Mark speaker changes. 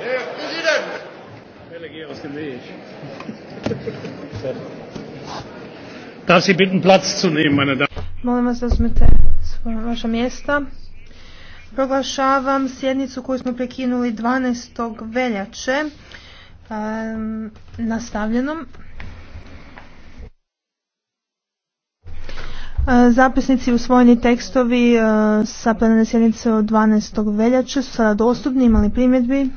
Speaker 1: Herr Präsident!
Speaker 2: Delegär aus dem Weg.
Speaker 3: Darf Sie bitten, Platz zu nehmen, meine Damen
Speaker 4: Molim vas da uzmete vaša mjesta.
Speaker 5: Proglašavam sjednicu koju smo prekinuli 12. veljače um, nastavljenom. E, zapisnici usvojeni tekstovi e, sa plenarne sjednice od 12. veljače su sada dostupni, imali primjedbi.